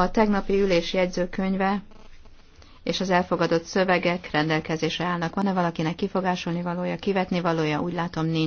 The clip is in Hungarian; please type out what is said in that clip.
A tegnapi ülés jegyzőkönyve és az elfogadott szövegek rendelkezésre állnak. Van-e valakinek kifogásolni valója, kivetni valója? Úgy látom, nincs.